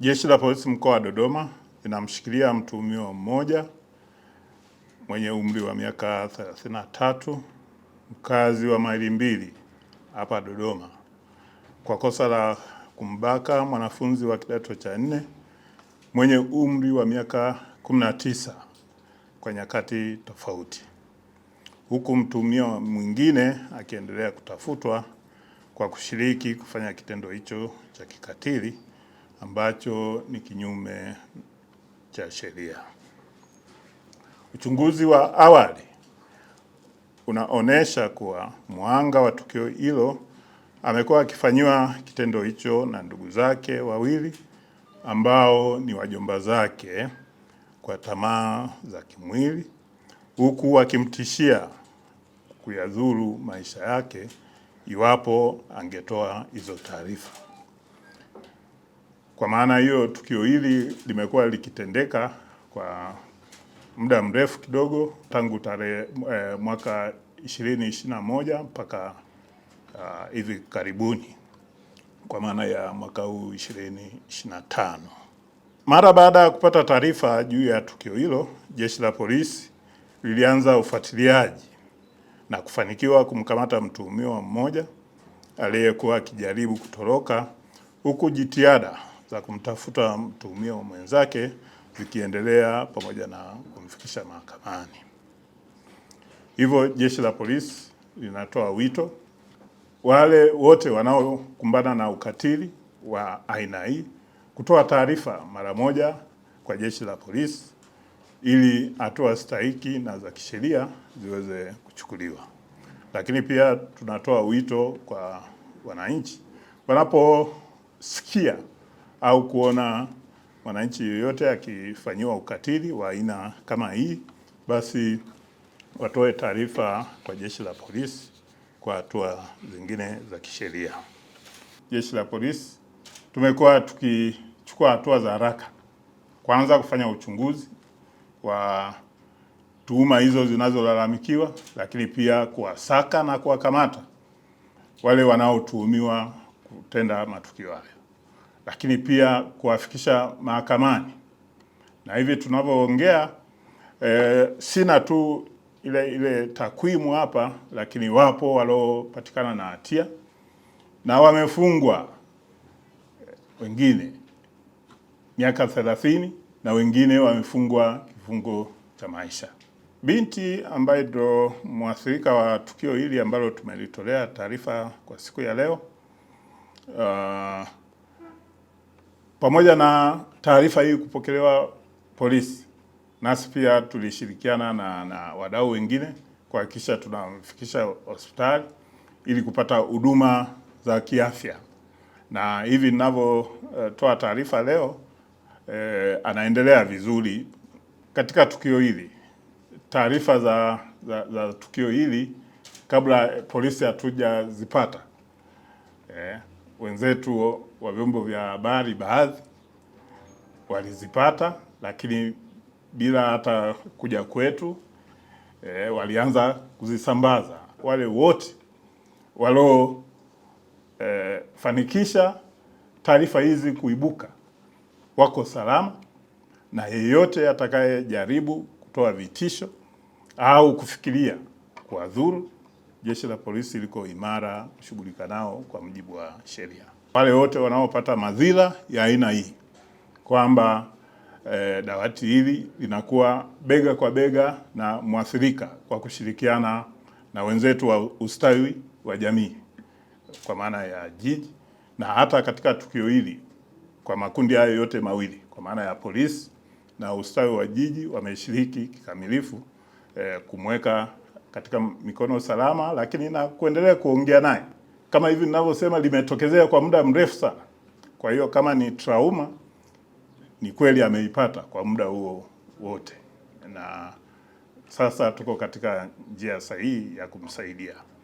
Jeshi la Polisi mkoa wa Dodoma linamshikilia mtuhumiwa mmoja mwenye umri wa miaka 33 mkazi wa Maili Mbili hapa Dodoma kwa kosa la kumbaka mwanafunzi wa kidato cha nne mwenye umri wa miaka 19 kwa nyakati tofauti, huku mtuhumiwa mwingine akiendelea kutafutwa kwa kushiriki kufanya kitendo hicho cha kikatili ambacho ni kinyume cha sheria. Uchunguzi wa awali unaonesha kuwa mhanga wa tukio hilo amekuwa akifanyiwa kitendo hicho na ndugu zake wawili ambao ni wajomba zake kwa tamaa za kimwili, huku akimtishia kuyadhuru maisha yake iwapo angetoa hizo taarifa. Kwa maana hiyo, tukio hili limekuwa likitendeka kwa muda mrefu kidogo tangu tarehe e, mwaka 2021 mpaka ah, hivi uh, karibuni kwa maana ya mwaka huu 2025. Mara baada ya kupata taarifa juu ya tukio hilo, jeshi la polisi lilianza ufuatiliaji na kufanikiwa kumkamata mtuhumiwa mmoja aliyekuwa akijaribu kutoroka huku jitihada za kumtafuta mtuhumiwa mwenzake zikiendelea pamoja na kumfikisha mahakamani. Hivyo jeshi la polisi linatoa wito wale wote wanaokumbana na ukatili wa aina hii kutoa taarifa mara moja kwa jeshi la polisi ili hatua stahiki na za kisheria ziweze kuchukuliwa. Lakini pia tunatoa wito kwa wananchi wanaposikia au kuona mwananchi yoyote akifanyiwa ukatili wa aina kama hii, basi watoe taarifa kwa jeshi la polisi kwa hatua zingine za kisheria. Jeshi la polisi tumekuwa tukichukua hatua za haraka, kwanza kufanya uchunguzi wa tuhuma hizo zinazolalamikiwa, lakini pia kuwasaka na kuwakamata wale wanaotuhumiwa kutenda matukio hayo lakini pia kuwafikisha mahakamani. Na hivi tunavyoongea e, sina tu ile ile takwimu hapa, lakini wapo waliopatikana na hatia na wamefungwa wengine miaka thelathini na wengine wamefungwa kifungo cha maisha. Binti ambaye ndo mwathirika wa tukio hili ambalo tumelitolea taarifa kwa siku ya leo uh, pamoja na taarifa hii kupokelewa polisi, nasi pia tulishirikiana na, na wadau wengine kuhakikisha tunamfikisha hospitali ili kupata huduma za kiafya, na hivi ninavyotoa taarifa leo eh, anaendelea vizuri katika tukio hili. Taarifa za, za, za tukio hili kabla polisi hatujazipata eh, wenzetu wa vyombo vya habari baadhi walizipata, lakini bila hata kuja kwetu e, walianza kuzisambaza wale wote waliofanikisha e, taarifa hizi kuibuka wako salama, na yeyote atakayejaribu kutoa vitisho au kufikiria kuwadhuru, jeshi la polisi liko imara kushughulika nao kwa mujibu wa sheria wale wote wanaopata madhila ya aina hii kwamba e, dawati hili linakuwa bega kwa bega na mwathirika kwa kushirikiana na wenzetu wa ustawi wa jamii kwa maana ya jiji na hata katika tukio hili kwa makundi hayo yote mawili kwa maana ya polisi na ustawi wa jiji wameshiriki kikamilifu e, kumweka katika mikono salama, lakini na kuendelea kuongea naye kama hivi ninavyosema, limetokezea kwa muda mrefu sana. Kwa hiyo kama ni trauma, ni kweli ameipata kwa muda huo wote, na sasa tuko katika njia sahihi ya kumsaidia.